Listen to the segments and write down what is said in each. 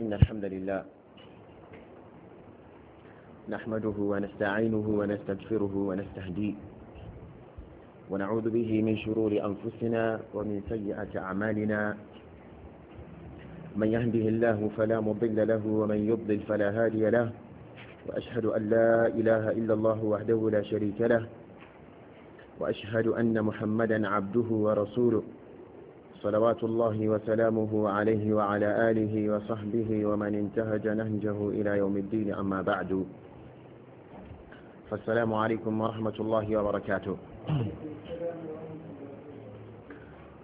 إن الحمد لله نحمده ونستعينه ونستغفره ونستهديه ونعوذ به من شرور أنفسنا ومن سيئة أعمالنا من يهده الله فلا مضل له ومن يضلل فلا هادي له وأشهد أن لا إله إلا الله وحده لا شريك له وأشهد أن محمدا عبده ورسوله صلوات الله وسلامه عليه وعلى آله وصحبه ومن انتهج نهجه إلى يوم الدين أما بعد فالسلام عليكم ورحمة الله وبركاته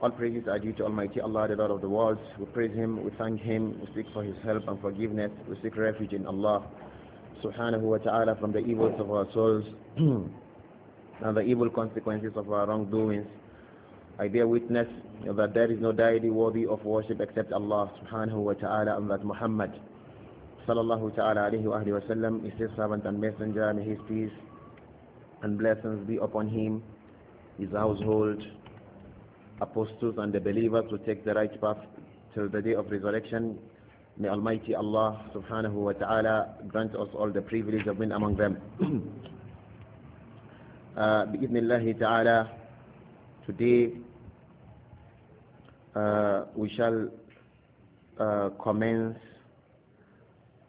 All praises are due to Almighty Allah, the Lord of the worlds. We praise Him, we thank Him, we seek for His help and forgiveness, we seek refuge in Allah subhanahu wa ta'ala from the evils of our souls and the evil consequences of our wrongdoings. I bear witness that there is no deity worthy of worship except Allah subhanahu wa ta'ala and that Muhammad sallallahu ta'ala alayhi wa sallam is his servant and messenger may his peace and blessings be upon him, his household, apostles and the believers who take the right path till the day of resurrection. May Almighty Allah subhanahu wa ta'ala grant us all the privilege of being among them. uh, بإذن الله تعالى today Uh, we shall uh, commence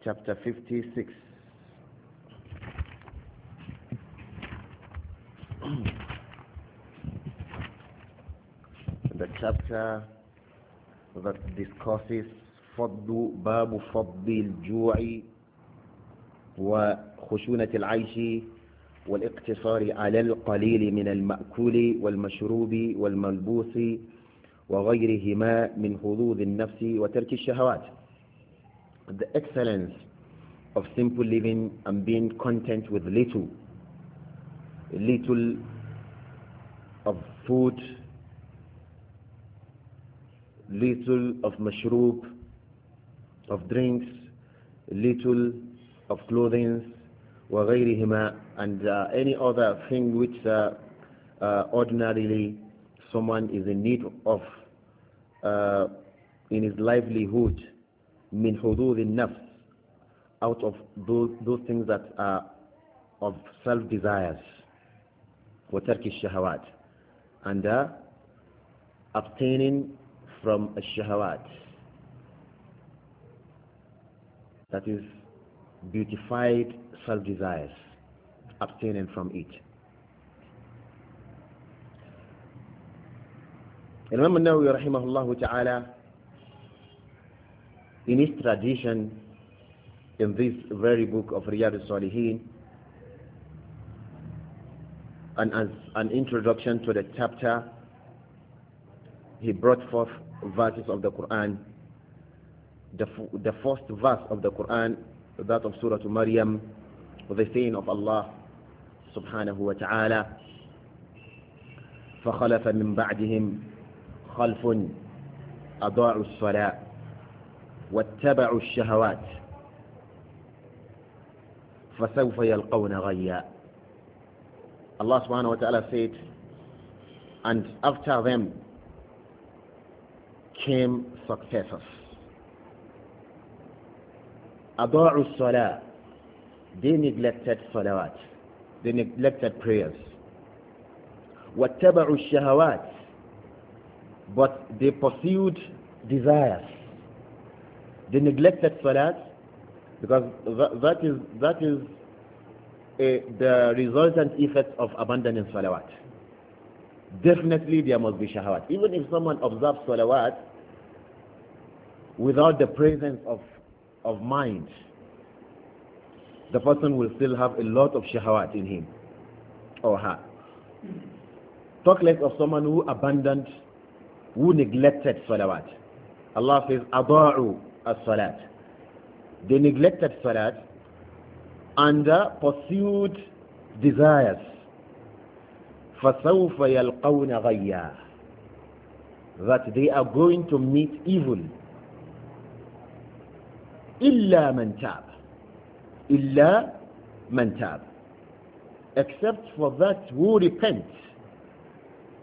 chapter 56. the chapter that discusses فضل باب فض الجوع وخشونة العيش والاقتصار على القليل من المأكول والمشروب والملبوس وغيرهما من النفس وترك الشهوات the excellence of simple living and being content with little little of food little of mashroob of drinks little of clothing وغيرهما and uh, any other thing which uh, uh, ordinarily someone is in need of uh, in his livelihood min hudud nafs out of those, those things that are of self-desires for Turkish shahawat and uh, abstaining from shahawat that is beautified self-desires abstaining from it Imam Nawawi rahimahullah ta'ala, in his tradition, in this very book of Riyadh Salihin, and as an introduction to the chapter, he brought forth verses of the Quran. The, the first verse of the Quran, that of Surah Maryam, the saying of Allah subhanahu wa ta'ala, فَخَلَفَ مِن بَعْدِهِمْ خلف أضاعوا الصلاة واتبعوا الشهوات فسوف يلقون غيا الله سبحانه وتعالى said and after them came successors أضاعوا الصلاة they neglected salawat they neglected prayers واتبعوا الشهوات but they pursued desires. They neglected salat because that, that is, that is a, eh, the resultant effect of abandoning salawat. Definitely there must be shahwat. Even if someone observes salawat without the presence of, of mind, the person will still have a lot of shahwat in him or her. Talk less of someone who abandoned who neglected salawat. Allah says, Aba'u as-salat. They neglected salat and uh, pursued desires. فَسَوْفَ يَلْقَوْنَ غَيَّا That they are going to meet evil. إِلَّا مَنْ تَابَ إِلَّا مَنْ تَابَ Except for that who repents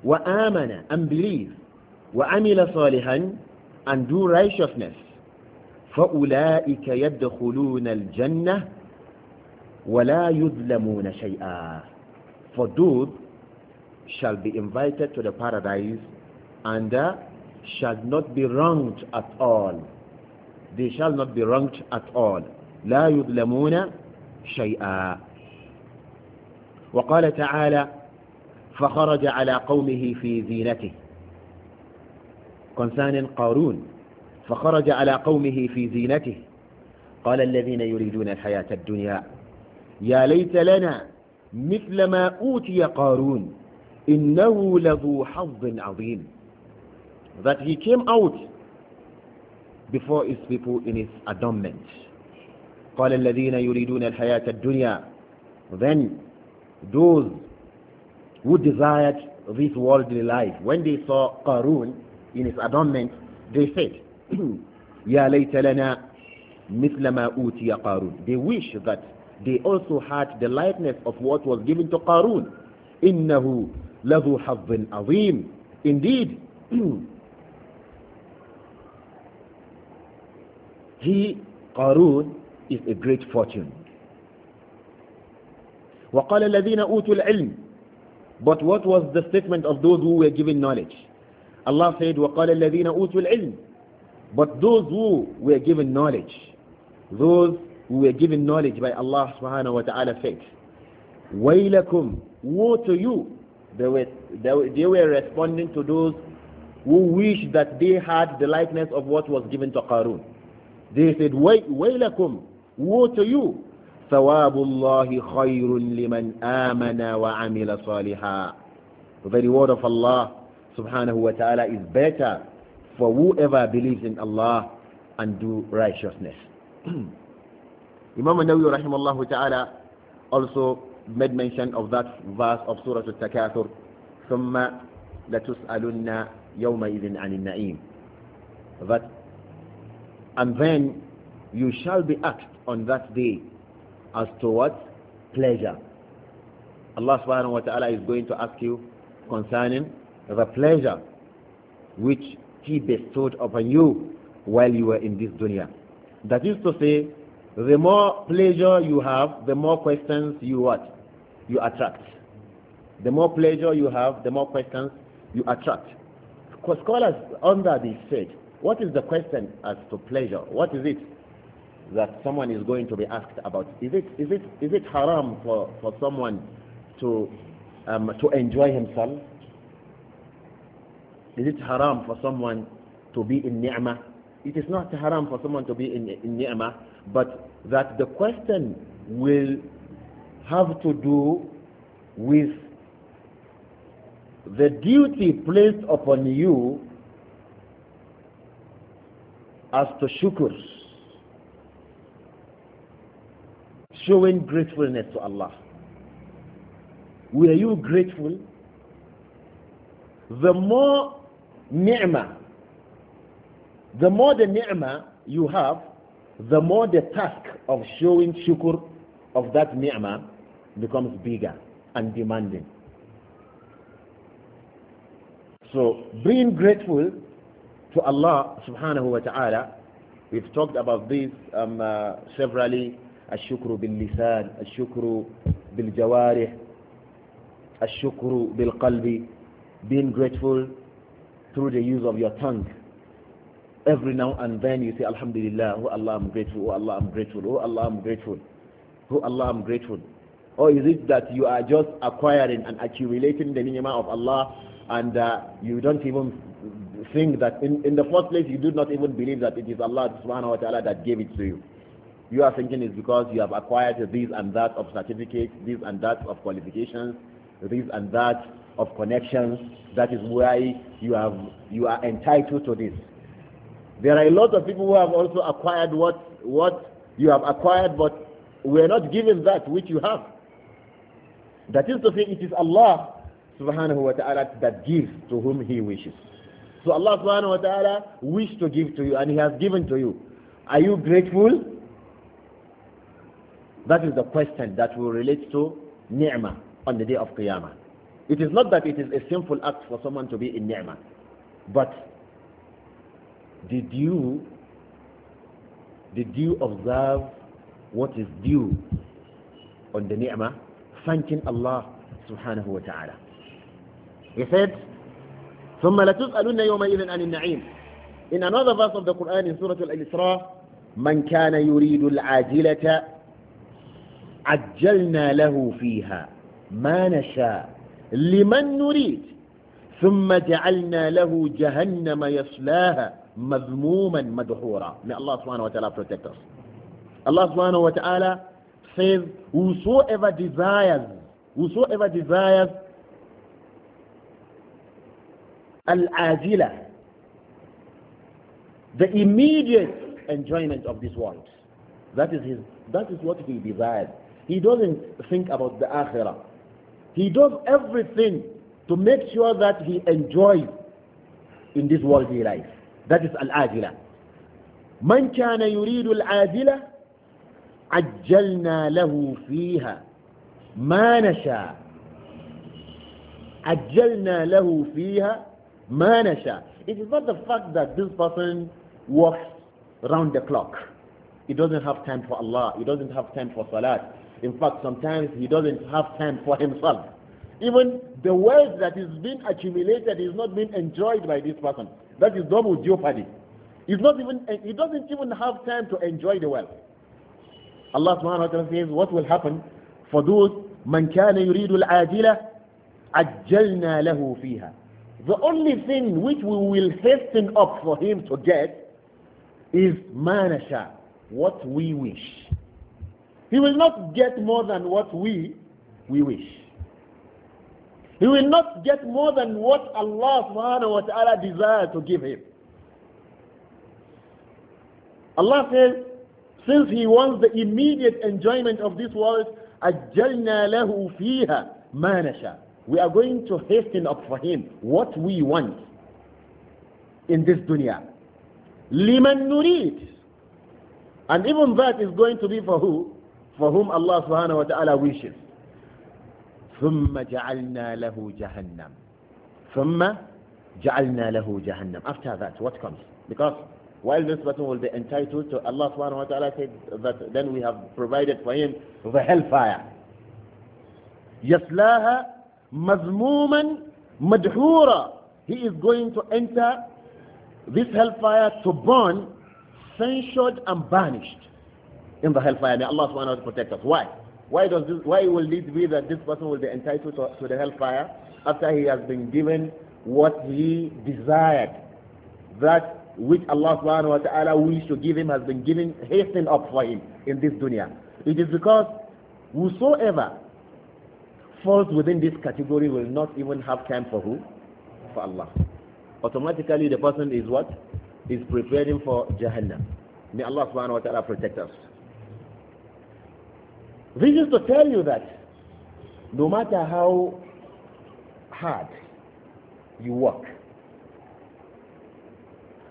وَآمَنَ and believe وعمل صالحا and do righteousness فأولئك يدخلون الجنة ولا يظلمون شيئا for those shall be invited to the paradise and shall not be wronged at all they shall not be wronged at all لا يظلمون شيئا وقال تعالى فخرج على قومه في زينته قنسان قارون فخرج على قومه في زينته قال الذين يريدون الحياة الدنيا يا ليت لنا مثل ما أوتي قارون إنه لذو حظ عظيم that he came out before his people in his adornment قال الذين يريدون الحياة الدنيا then those who desired this worldly life when they saw قارون in its adornment, they said, Ya laytalana mithla ma utiya Qarun. They wish that they also had the likeness of what was given to Qarun. Innahu lahu hazzin azim. Indeed, he, Qarun, is a great fortune. وقال الذين أوتوا العلم But what was the statement of those who were given knowledge? Allah said, وَقَالَ الَّذِينَ أُوتُوا الْعِلْمِ But those who were given knowledge, those who were given knowledge by Allah subhanahu wa ta'ala said, وَيْلَكُمْ Woe to you! They were, they, they were responding to those who wished that they had the likeness of what was given to Qarun. They said, وَيْلَكُمْ Woe to you! ثواب الله خير لمن آمن وعمل صالحا The very word of Allah subhanahu wa ta'ala is better for whoever believes in Allah and do righteousness. Imam Nawawi rahimahullah ta'ala also made mention of that verse of Surah Al-Takathur ثم لتسألن يومئذ عن النعيم that and then you shall be asked on that day as to what pleasure Allah subhanahu wa ta'ala is going to ask you concerning the pleasure which he bestowed upon you while you were in this dunya. That is to say, the more pleasure you have, the more questions you what? You attract. The more pleasure you have, the more questions you attract. Scholars under this said, what is the question as to pleasure? What is it that someone is going to be asked about? Is it, is it, is it haram for, for someone to, um, to enjoy himself? Is it haram for someone to be in ni'mah? It is not haram for someone to be in, in ni'mah, but that the question will have to do with the duty placed upon you as to shukr, showing gratefulness to Allah. Were you grateful? The more ni'mah. The more the ni'mah you have, the more the task of showing shukr of that ni'mah becomes bigger and demanding. So being grateful to Allah subhanahu wa ta'ala, we've talked about this um, uh, severally, الشكر باللسان الشكر بالجوارح الشكر بالقلب being grateful through the use of your tongue. Every now and then you say, Alhamdulillah, oh Allah, I'm grateful, oh Allah, I'm grateful, oh Allah, I'm grateful, oh Allah, I'm grateful. Or is it that you are just acquiring and accumulating the minimum of Allah and uh, you don't even think that in, in the first place you do not even believe that it is Allah subhanahu wa ta'ala that gave it to you. You are thinking it's because you have acquired this and that of certificates, this and that of qualifications, this and that of connections. That is why you, have, you are entitled to this. There are a lot of people who have also acquired what, what you have acquired, but we are not given that which you have. That is to say, it is Allah subhanahu wa ta'ala that gives to whom He wishes. So Allah subhanahu wa ta'ala wished to give to you and He has given to you. Are you grateful? That is the question that will relate to ni'mah on the day of Qiyamah. It is not that it is a sinful act for someone to be in ni'mah. But did you did you observe what is due on the ni'mah? Thanking Allah subhanahu wa ta'ala. He said, ثُمَّ لَتُسْأَلُنَّ يَوْمَئِذٍ عَنِ النَّعِيمِ In another verse of the Quran in Surah Al-Isra, مَنْ كَانَ يُرِيدُ الْعَاجِلَةَ عَجَّلْنَا لَهُ فِيهَا مَا نَشَاءُ لمن نريد ثم جعلنا له جهنم يصلاها مذموما مدحورا may Allah سبحانه وتعالى ta'ala protect us Allah says whosoever desires whosoever desires al-ajila the immediate enjoyment of this world that is his that is what he desires he doesn't think about the akhirah He does everything to make sure that he enjoys in this worldly life. That is al-ajila. من كان يريد العاجلة عجلنا له فيها ما نشاء عجلنا له فيها ما نشاء It is not the fact that this person works round the clock. He doesn't have time for Allah. He doesn't have time for Salat. In fact, sometimes he doesn't have time for himself. Even the wealth that is being accumulated is not being enjoyed by this person. That is double jeopardy. He's not even, eh, he doesn't even have time to enjoy the wealth. Allah subhanahu wa ta'ala says, what will happen for those, man kana yuridu al-ajila, The only thing which we will hasten up for him to get is manasha, what we wish. He will not get more than what we, we wish. He will not get more than what Allah subhanahu wa ta'ala desires to give him. Allah says, since he wants the immediate enjoyment of this world, أَجَّلْنَا لَهُ فِيهَا مَا We are going to hasten up for him what we want in this dunya. لِمَن نُرِيد And even that is going to be for who? فَهُمَّ whom Allah subhanahu wa ta'ala wishes. ثم جعلنا له جهنم ثم جعلنا له جهنم after that what comes because while this person will be entitled to Allah subhanahu wa ta'ala said that then we have provided for him the hellfire يَسْلَأَهَا مذموما مدحورا he is going to enter this hellfire to burn censured and banished in the hellfire. May Allah subhanahu wa ta'ala protect us. Why? Why does this, why will it be that this person will be entitled to, to the hellfire after he has been given what he desired? That which Allah subhanahu wa ta'ala wished to give him has been given hastened up for him in this dunya. It is because whosoever falls within this category will not even have time for who? For Allah. Automatically the person is what? Is preparing for Jahannam. May Allah subhanahu wa ta'ala protect us. This is to tell you that no matter how hard you work,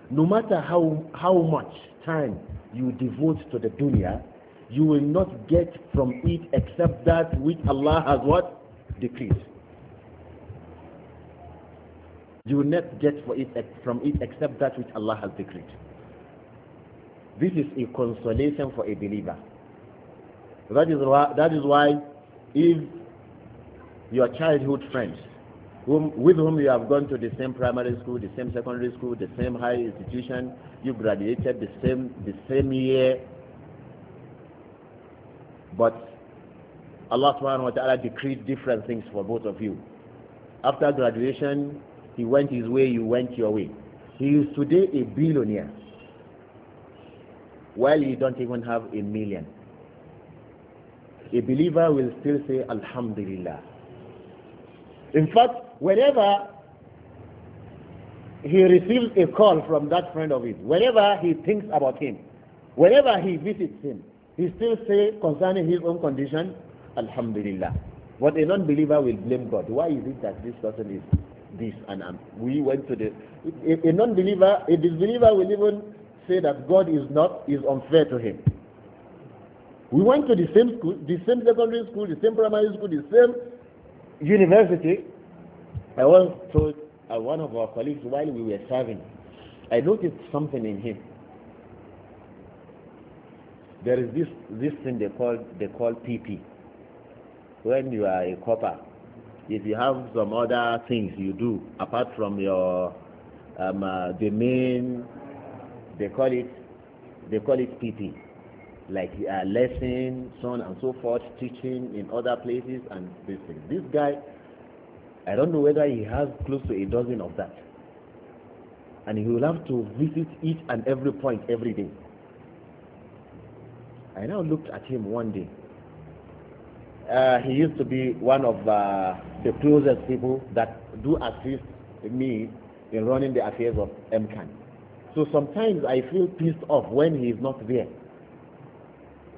no matter how, how much time you devote to the dunya, you will not get from it except that which Allah has what? Decreed. You will not get for it, from it except that which Allah has decreed. This is a consolation for a believer. That is why, that is why if your childhood friends whom, with whom you have gone to the same primary school, the same secondary school, the same high institution, you graduated the same, the same year, but Allah subhanahu wa ta'ala decreed different things for both of you. After graduation, he went his way, you went your way. He is today a billionaire, while you don't even have a million a believer will still say Alhamdulillah. In fact, whenever he receives a call from that friend of his, whenever he thinks about him, whenever he visits him, he still say concerning his own condition, Alhamdulillah. But a non-believer will blame God. Why is it that this person is this and I'm, we went to the... A, a non-believer, a disbeliever will even say that God is not, is unfair to him. We went to the same school, the same secondary school, the same primary school, the same university. I once told uh, one of our colleagues while we were serving, I noticed something in him. There is this, this thing they call, they call PP. When you are a copper, if you have some other things you do apart from your um, uh, domain, they call it, they call it PP like uh, lesson, so on and so forth, teaching in other places and these This guy, I don't know whether he has close to a dozen of that. And he will have to visit each and every point every day. I now looked at him one day. Uh, he used to be one of uh, the closest people that do assist me in running the affairs of MCAN. So sometimes I feel pissed off when he is not there.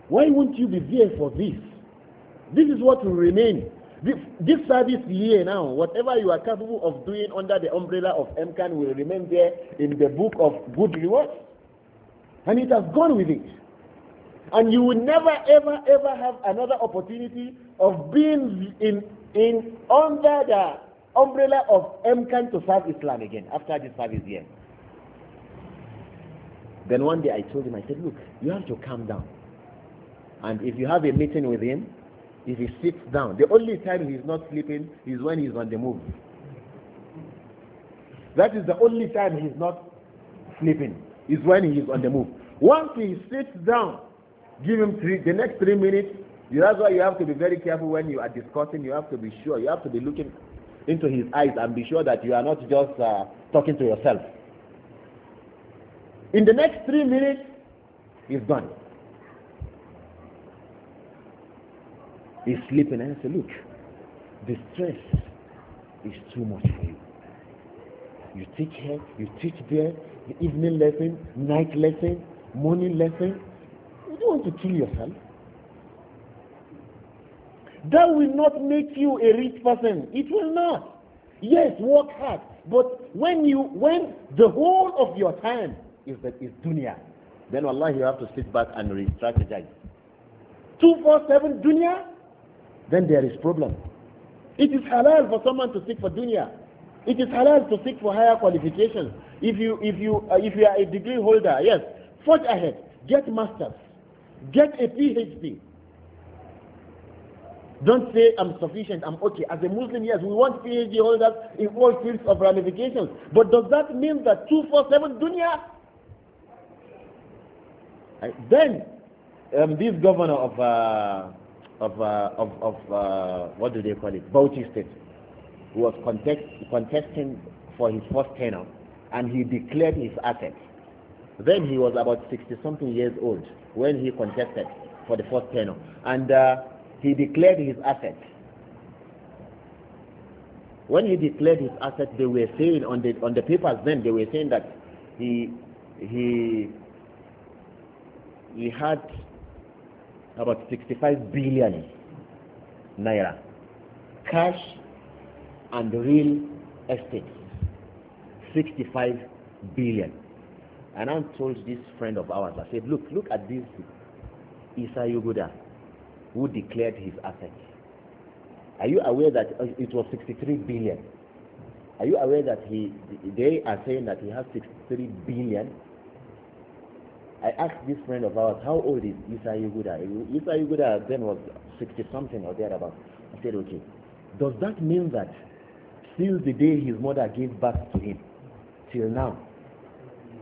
Why won't you be there for this? This is what will remain. This, service here now, whatever you are capable of doing under the umbrella of MCAN will remain there in the book of good rewards. And it has gone with it. And you will never, ever, ever have another opportunity of being in, in under the umbrella of MCAN to serve Islam again after this service here. Then one day I told him, I said, look, you have to calm down. And if you have a meeting with him, if he sits down, the only time he's not sleeping is when he's on the move. That is the only time he's not sleeping, is when he is on the move. Once he sits down, give him three, the next three minutes. That's why you have to be very careful when you are discussing. You have to be sure. You have to be looking into his eyes and be sure that you are not just uh, talking to yourself. In the next three minutes, he's gone. He's sleeping. And I said, look, the stress is too much for you. You teach here, you teach there, the evening lesson, night lesson, morning lesson. You don't want to kill yourself. That will not make you a rich person. It will not. Yes, work hard. But when you when the whole of your time is that is dunya, then Allah you have to sit back and re-strategize. Two four seven dunya, then there is problem. It is halal for someone to seek for dunya. It is halal to seek for higher qualifications. If you, if you, uh, if you are a degree holder, yes, forge ahead. Get masters. Get a PhD. Don't say I'm sufficient, I'm okay. As a Muslim, yes, we want PhD holders in all fields of ramifications. But does that mean that 247 dunya? Right. Then, um, this governor of uh, of, uh, of, of uh, what do they call it, Bauchi State, who was contest contesting for his first tenure, and he declared his assets. Then he was about 60-something years old when he contested for the first tenure, and uh, he declared his assets. When he declared his assets, they were saying on the on the papers then they were saying that he he he had about 65 billion naira cash and real estate 65 billion and I told this friend of ours I said look look at this Isa Yuguda who declared his assets are you aware that uh, it was 63 billion are you aware that he they are saying that he has 63 billion I asked this friend of ours, how old is Isa Yuguda? Isa Yuguda then was 60 something or thereabouts. I said, okay. Does that mean that since the day his mother gave birth to him till now,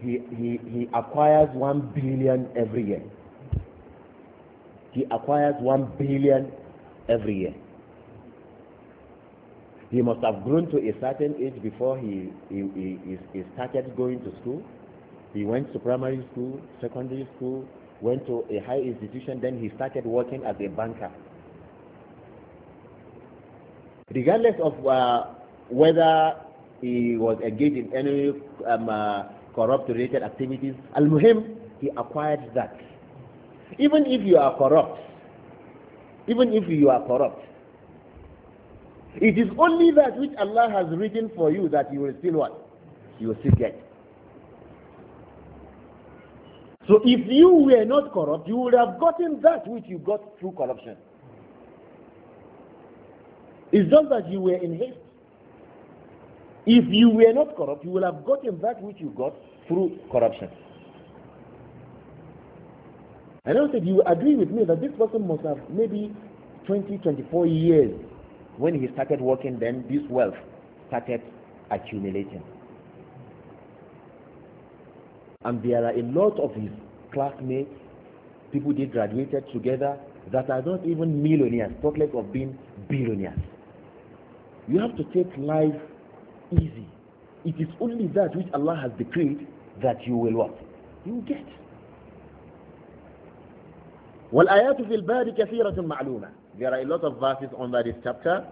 he, he, he acquires 1 billion every year? He acquires 1 billion every year. He must have grown to a certain age before he, he, he, he started going to school he went to primary school, secondary school, went to a high institution, then he started working as a banker. Regardless of uh, whether he was engaged in any um, uh, corrupt-related activities, al-muhim, he acquired that. Even if you are corrupt, even if you are corrupt, it is only that which Allah has written for you that you will still what? You will still get. So if you were not corrupt, you would have gotten that which you got through corruption. It's just that you were in haste. If you were not corrupt, you would have gotten that which you got through corruption. And I said, you agree with me that this person must have maybe 20, 24 years when he started working, then this wealth started accumulating. And there are a lot of his classmates, people they graduated together, that are not even millionaires, talk less of being billionaires. You have to take life easy. It is only that which Allah has decreed that you will what? You will get. والآيات في الباب كثيرة معلومة. There are a lot of verses under this chapter.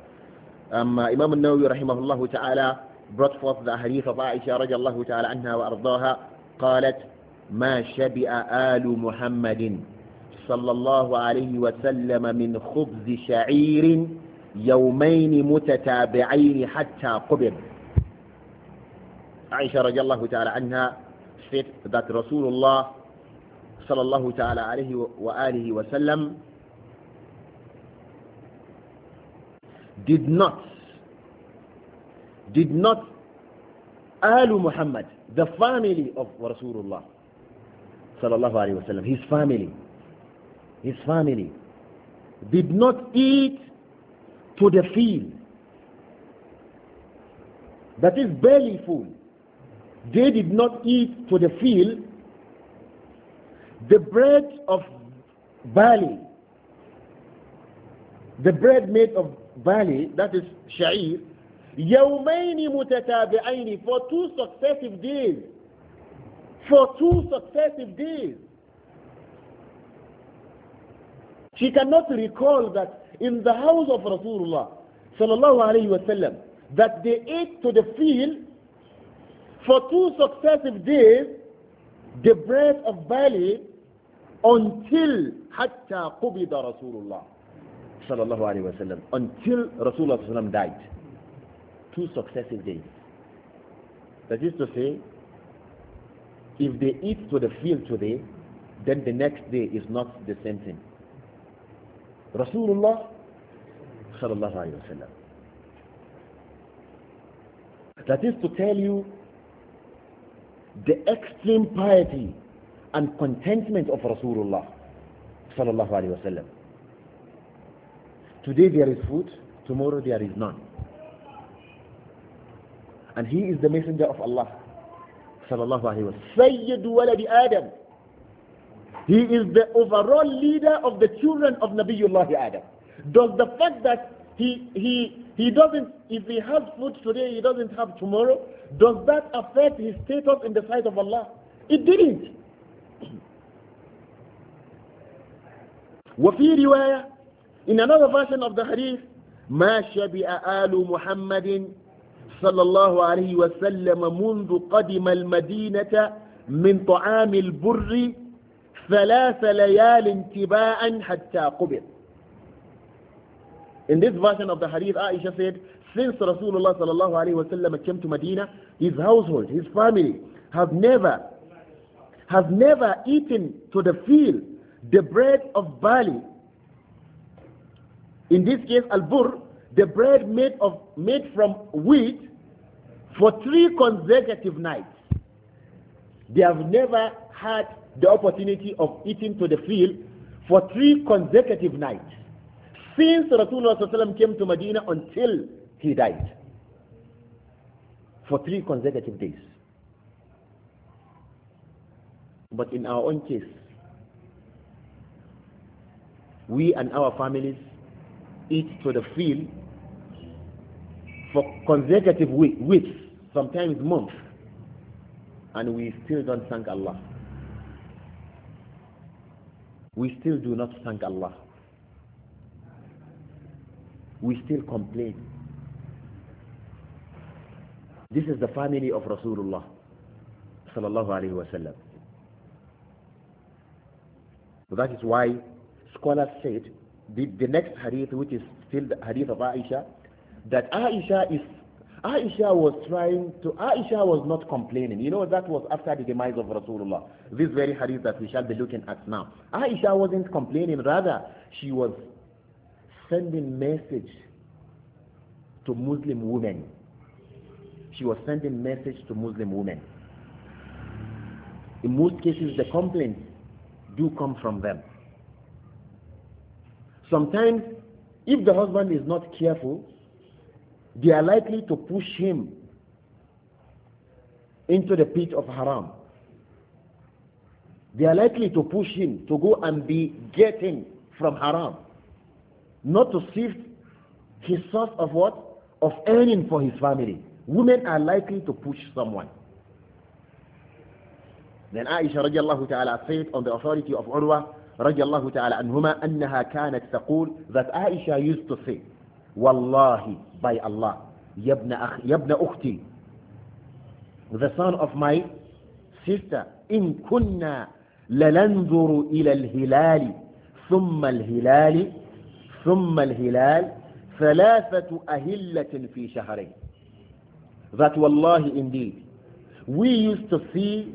Um, uh, Imam al-Nawawi rahimahullah ta'ala brought forth the hadith of Aisha radiallahu اللَّهِ تَعَالَى عَنْهَا وَأَرْضَاهَا قالت ما شبع آل محمد صلى الله عليه وسلم من خبز شعير يومين متتابعين حتى قبض عائشة رضي الله تعالى عنها said that الله صلى الله تعالى عليه وآله وسلم did not did not آل محمد the family of Rasulullah sallallahu alaihi wasallam, his family, his family did not eat to the field. That is barley full. They did not eat to the field the bread of barley. The bread made of barley, that is sha'ir, for two successive days for two successive days she cannot recall that in the house of Rasulullah sallallahu alayhi that they ate to the field for two successive days the bread of barley until Hatta Qubida Rasulullah الله until Rasulullah died two successive days. That is to say, if they eat to the field today, then the next day is not the same thing. Rasulullah sallallahu alayhi wasallam. That is to tell you the extreme piety and contentment of Rasulullah sallallahu alayhi wasallam. Today there is food, tomorrow there is none and he is the messenger of Allah sayyid walad adam he is the overall leader of the children of nabiullah adam does the fact that he he he doesn't if he has food today he doesn't have tomorrow does that affect his status in the sight of Allah it didn't وفي رواية in another version of the hadith ما شبع آل محمد صلى الله عليه وسلم منذ قدم المدينة من طعام البر ثلاث ليال تباعا حتى قبض In this version of the hadith, Aisha said, since Rasulullah sallallahu alayhi wa sallam came to Medina, his household, his family have never have never eaten to the field the bread of barley. In this case, al-bur the bread made, of, made from wheat for three consecutive nights. They have never had the opportunity of eating to the field for three consecutive nights since Rasulullah came to Medina until he died. For three consecutive days. But in our own case, we and our families eat to the field for consecutive weeks, sometimes months, and we still don't thank Allah. We still do not thank Allah. We still complain. This is the family of Rasulullah sallallahu alaihi wasallam. So that is why scholars said the, the next hadith, which is still the hadith of Aisha, that Aisha is Aisha was trying to Aisha was not complaining. You know that was after the demise of Rasulullah. This very hadith that we shall be looking at now. Aisha wasn't complaining, rather she was sending message to Muslim women. She was sending message to Muslim women. In most cases the complaints do come from them. Sometimes if the husband is not careful, they are likely to push him into the pit of haram. They are likely to push him to go and be getting from haram, not to sift his source of what? Of earning for his family. Women are likely to push someone. Then Aisha radiallahu ta'ala said on the authority of Urwa radiallahu ta'ala anhuma أنها كانت تقول that Aisha used to say, Wallahi, by Allah yabna, yabna ukhti the son of my sister in kunna لننظر إلى الهلال ثم الهلال ثم الهلال ثلاثة أهلة في شهرين that wallahi indeed we used to see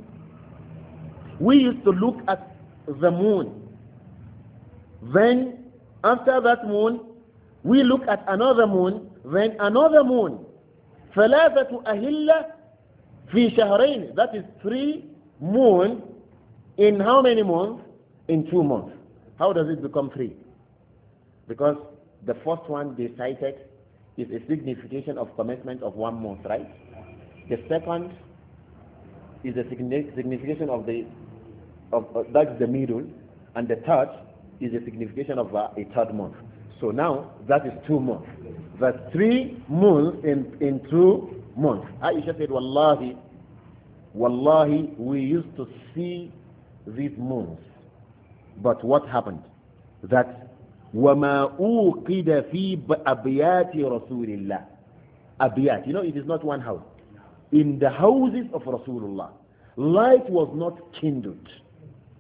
we used to look at the moon then after that moon we look at another moon When another moon, ثلاثة أهلة في شهرين, that is three moon in how many months? In two months. How does it become three? Because the first one they cited is a signification of commencement of one month, right? The second is the signification of the of uh, that's the middle, and the third is the signification of uh, a third month. So now that is two months. The three moons in, in two months. Aisha said, Wallahi, Wallahi, we used to see these moons. But what happened? That وَمَا أُوقِدَ فِي أَبْيَاتِ رَسُولِ اللَّهِ Abiyat. You know, it is not one house. In the houses of Rasulullah, light was not kindled.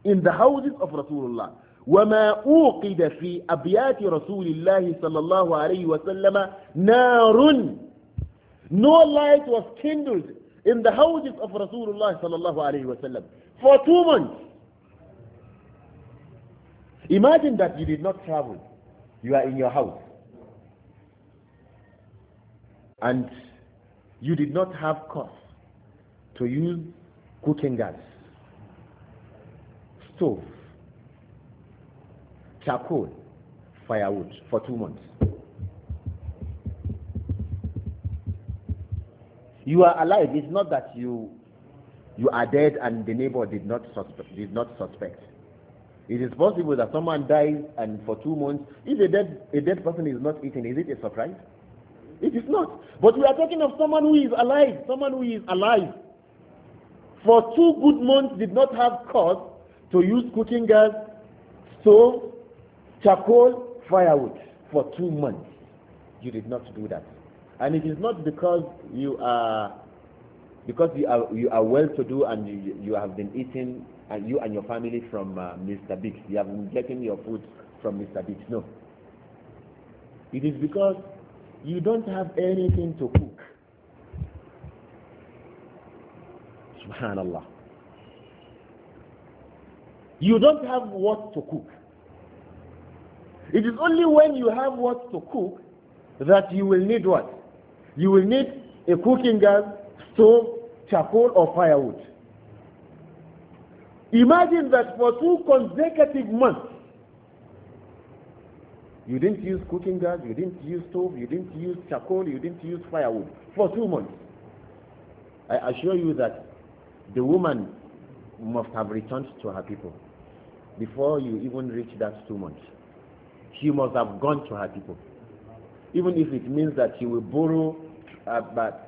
In the houses of Rasulullah, وما أوقد في أبيات رسول الله صلى الله عليه وسلم نار no light was kindled in the houses of Rasulullah صلى الله عليه وسلم for two months imagine that you did not travel you are in your house and you did not have cost to use cooking gas stove charcoal firewood for two months. You are alive. It's not that you you are dead and the neighbor did not suspect, did not suspect. It is possible that someone dies and for two months, if a dead a dead person is not eating, is it a surprise? It is not. But we are talking of someone who is alive, someone who is alive. For two good months did not have cause to use cooking gas, stove, charcoal, firewood for two months. You did not do that. And it is not because you are because you are you are well to do and you, you have been eating and you and your family from uh, Mr. Biggs. You have been getting your food from Mr. Biggs. No. It is because you don't have anything to cook. Subhanallah. You don't have what to cook. It is only when you have what to cook that you will need what? You will need a cooking gas, stove, charcoal or firewood. Imagine that for two consecutive months, you didn't use cooking gas, you didn't use stove, you didn't use charcoal, you didn't use firewood for two months. I assure you that the woman must have returned to her people before you even reach that two months she must have gone to her people. Even if it means that she will borrow uh,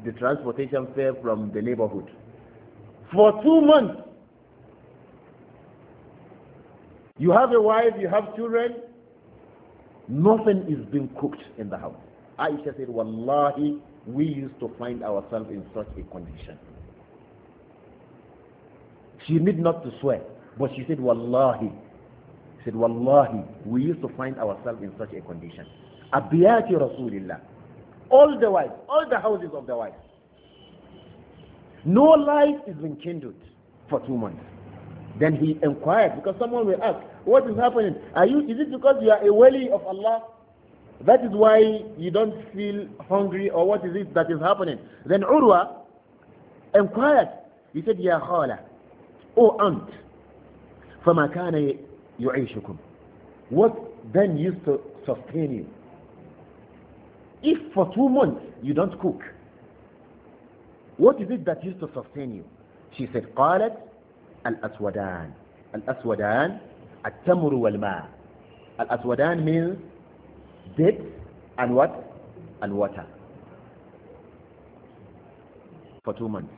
the transportation fare from the neighborhood. For two months, you have a wife, you have children, nothing is being cooked in the house. Aisha said, Wallahi, we used to find ourselves in such a condition. She need not to swear, but she said, Wallahi, said, Wallahi, we used to find ourselves in such a condition. Abiyati Rasulillah. All the wives, all the houses of the wives. No light is been kindled for two months. Then he inquired, because someone will ask, what is happening? Are you, is it because you are a wali of Allah? That is why you don't feel hungry or what is it that is happening? Then Urwa inquired. He said, Ya khala, oh aunt, فما كان yu'ishukum. What then used to sustain you? If for two months you don't cook, what is it that used to sustain you? She said, قالت الأسودان الأسودان التمر والماء الأسودان means dates and what? And water. For two months.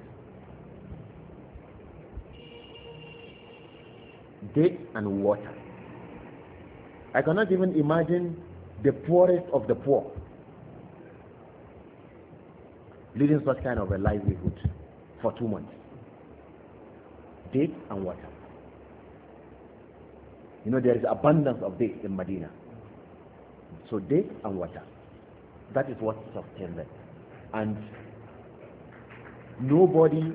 date and water. I cannot even imagine the poorest of the poor leading such kind of a livelihood for two months. Date and water. You know, there is abundance of dates in Medina. So date and water. That is what sustained them. And nobody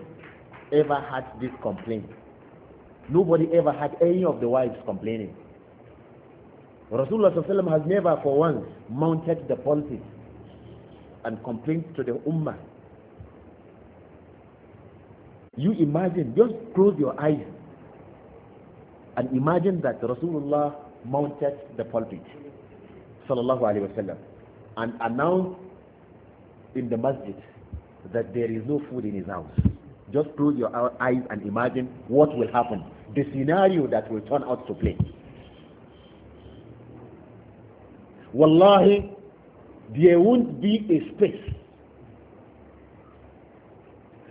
ever had this complaint Nobody ever had any of the wives complaining. Rasulullah has never for once mounted the pulpit and complained to the ummah. You imagine, just close your eyes and imagine that Rasulullah mounted the pulpit sallallahu wasallam and announced in the masjid that there is no food in his house. Just close your eyes and imagine what will happen the scenario that will turn out to play. Wallahi, there won't be a space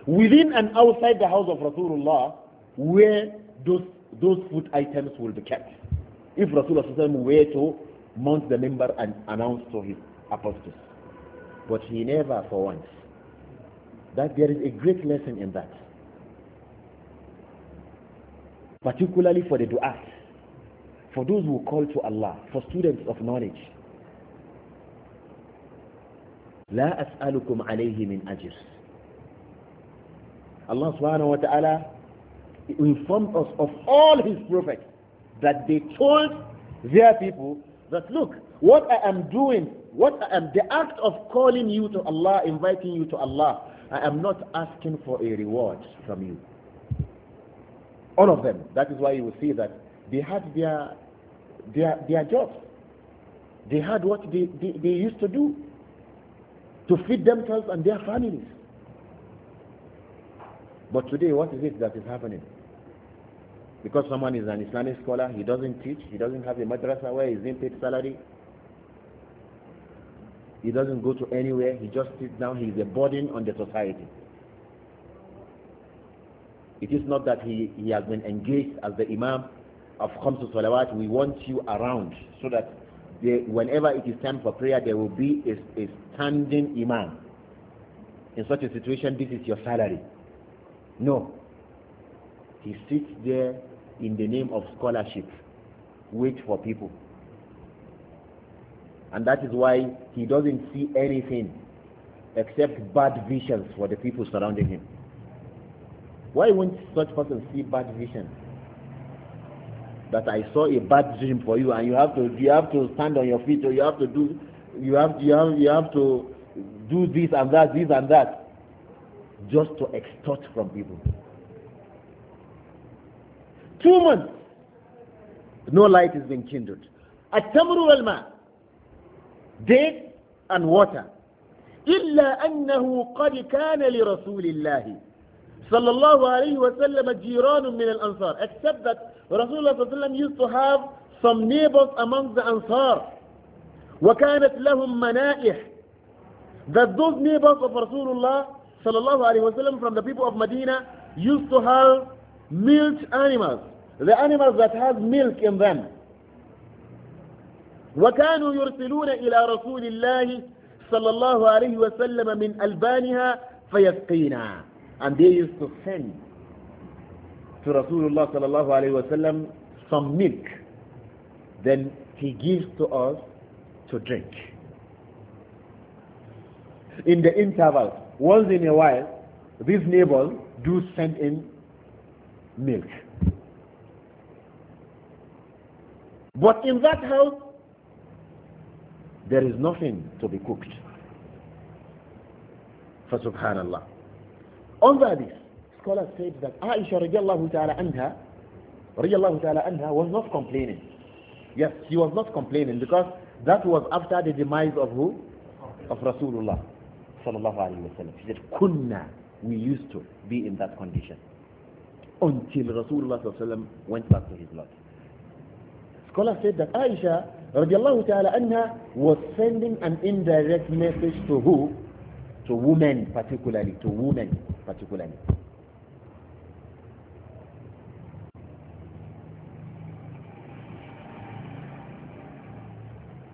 within and outside the house of Rasulullah where those, those food items will be kept. If Rasulullah were to mount the member and announce to his apostles. But he never for once. That there is a great lesson in that particularly for the du'at, for those who call to Allah, for students of knowledge. لا أسألكم عليه من أجر Allah subhanahu wa ta'ala informed us of all his prophets that they told their people that look what I am doing what I am the act of calling you to Allah inviting you to Allah I am not asking for a reward from you all of them. That is why you will see that they had their, their, their jobs. They had what they, they, they used to do to feed themselves and their families. But today, what is it that is happening? Because someone is an Islamic scholar, he doesn't teach, he doesn't have a madrasa where he's in paid salary, he doesn't go to anywhere, he just sits down, he's a burden on the society. It is not that he, he has been engaged as the Imam of Khamsu Salawat. We want you around so that they, whenever it is time for prayer, there will be a, a standing Imam. In such a situation, this is your salary. No. He sits there in the name of scholarship, wait for people. And that is why he doesn't see anything except bad visions for the people surrounding him. Why won't such person see bad vision? That I saw a bad dream for you, and you have to you have to stand on your feet, or you have to do you have you have you have to do this and that, this and that, just to extort from people. Two months, no light is being kindled. التمر والماء date and water إلا أنه قد كان لرسول الله صلى الله عليه وسلم جيران من الأنصار except that رسول الله صلى الله عليه وسلم used to have some neighbors among the أنصار وكانت لهم منائح that those neighbors of رسول الله صلى الله عليه وسلم from the people of Medina used to have milk animals the animals that had milk in them وكانوا يرسلون إلى رسول الله صلى الله عليه وسلم من ألبانها فيسقينا and they used to send to Rasulullah sallallahu alaihi wasallam some milk then he gives to us to drink in the interval once in a while these neighbors do send in milk but in that house there is nothing to be cooked for subhanallah under this, scholars say that Aisha radiallahu ta'ala anha, radiallahu ta'ala anha was not complaining. Yes, she was not complaining because that was after the demise of who? Of Rasulullah sallallahu alayhi wa sallam. She said, kunna, we used to be in that condition. Until Rasulullah sallallahu went back to his Lord. Scholar said that Aisha radiallahu ta'ala anha was sending an indirect message to who? To women particularly, to women particularly.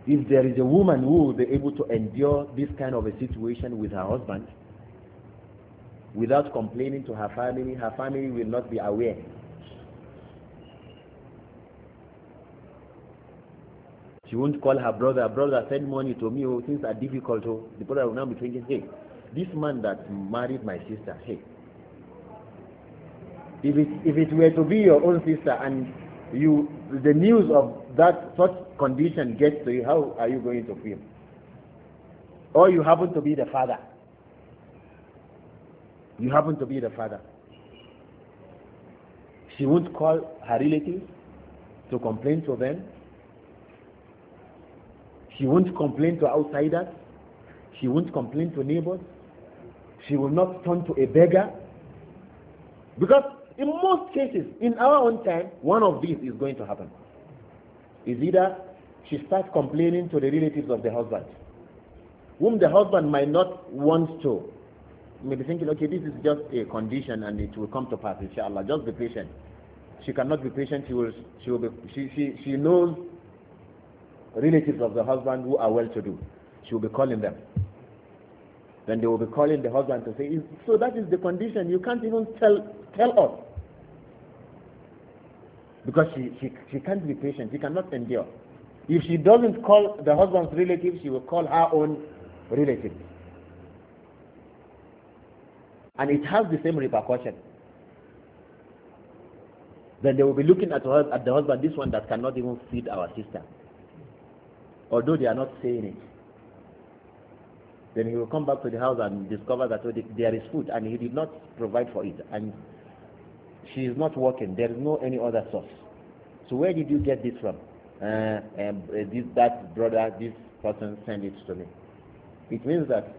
If there is a woman who will be able to endure this kind of a situation with her husband without complaining to her family, her family will not be aware She won't call her brother, brother, send money to me, oh, things are difficult. Oh. The brother will now be thinking, hey, this man that married my sister, hey, if it, if it were to be your own sister and you the news of that such condition gets to you, how are you going to feel? Or you happen to be the father. You happen to be the father. She won't call her relatives to complain to them. She won't complain to outsiders. She won't complain to neighbors she will not turn to a beggar. Because in most cases, in our own time, one of these is going to happen. Is either she starts complaining to the relatives of the husband, whom the husband might not want to. Maybe thinking, okay, this is just a condition and it will come to pass, inshallah. Just be patient. She cannot be patient. She will, she will be, she, she, she knows relatives of the husband who are well to do. She will be calling them. Then they will be calling the husband to say, so that is the condition. You can't even tell, tell us. Because she, she, she can't be patient. She cannot endure. If she doesn't call the husband's relative, she will call her own relative. And it has the same repercussion. Then they will be looking at, at the husband, this one that cannot even feed our sister. Although they are not saying it. Then he will come back to the house and discover that oh, there is food and he did not provide for it. And she is not working. There is no any other source. So where did you get this from? Uh, and um, uh, this, that brother, this person sent it to me. It means that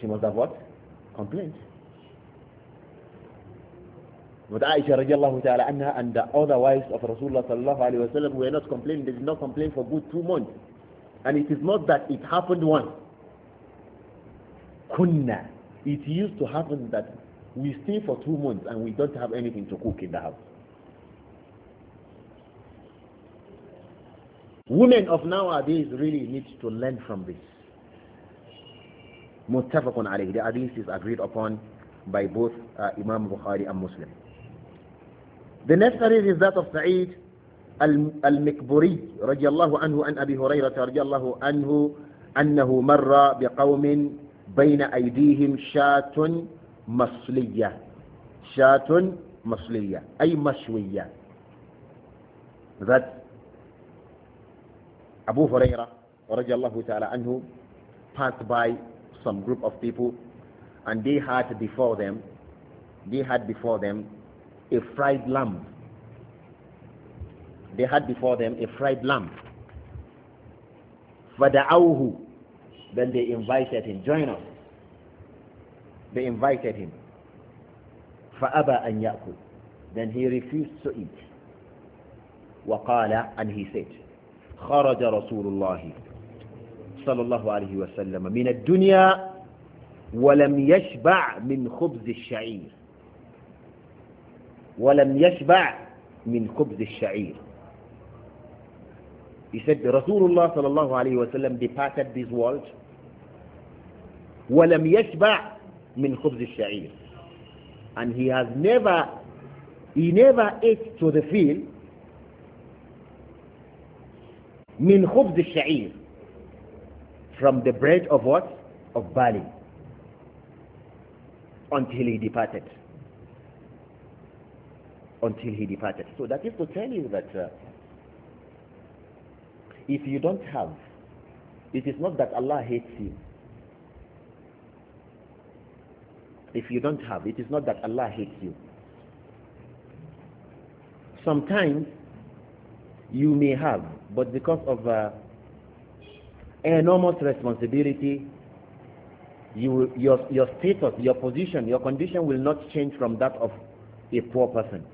she must have what? Complained. But Aisha radiallahu ta'ala anha and the other wives of Rasulullah sallallahu alayhi wa sallam were not complaining. They did not complain for good two months. And it is not that it happened once kunna it used to happen that we stay for two months and we don't have anything to cook in the house women of nowadays really need to learn from this muttafaqun alayhi the hadith is agreed upon by both uh, Imam Bukhari and Muslim the next hadith is that of Sa'id المكبري رضي الله عنه عن أبي هريرة رضي الله عنه أنه مر بقوم baina aidihim shatun masliya shatun masliya ay mashwiya that Abu Huraira radiallahu ta'ala anhu passed by some group of people and they had before them they had before them a fried lamb they had before them a fried lamb For the فدعوه Then they invited him, join us. They invited him. فأبى أن يأكل. Then he refused to eat. وقال and he said, خرج رسول الله صلى الله عليه وسلم من الدنيا ولم يشبع من خبز الشعير ولم يشبع من خبز الشعير He said, Rasulullah sallallahu alayhi wa sallam departed this world ولم يشبع من خبز الشعير and he has never he never ate to the field, من خبز الشعير from the bread of what of barley until he departed until he departed so that is to tell you that uh, if you don't have it is not that Allah hates you if you don't have. It is not that Allah hates you. Sometimes you may have, but because of uh, enormous responsibility, you, your, your status, your position, your condition will not change from that of a poor person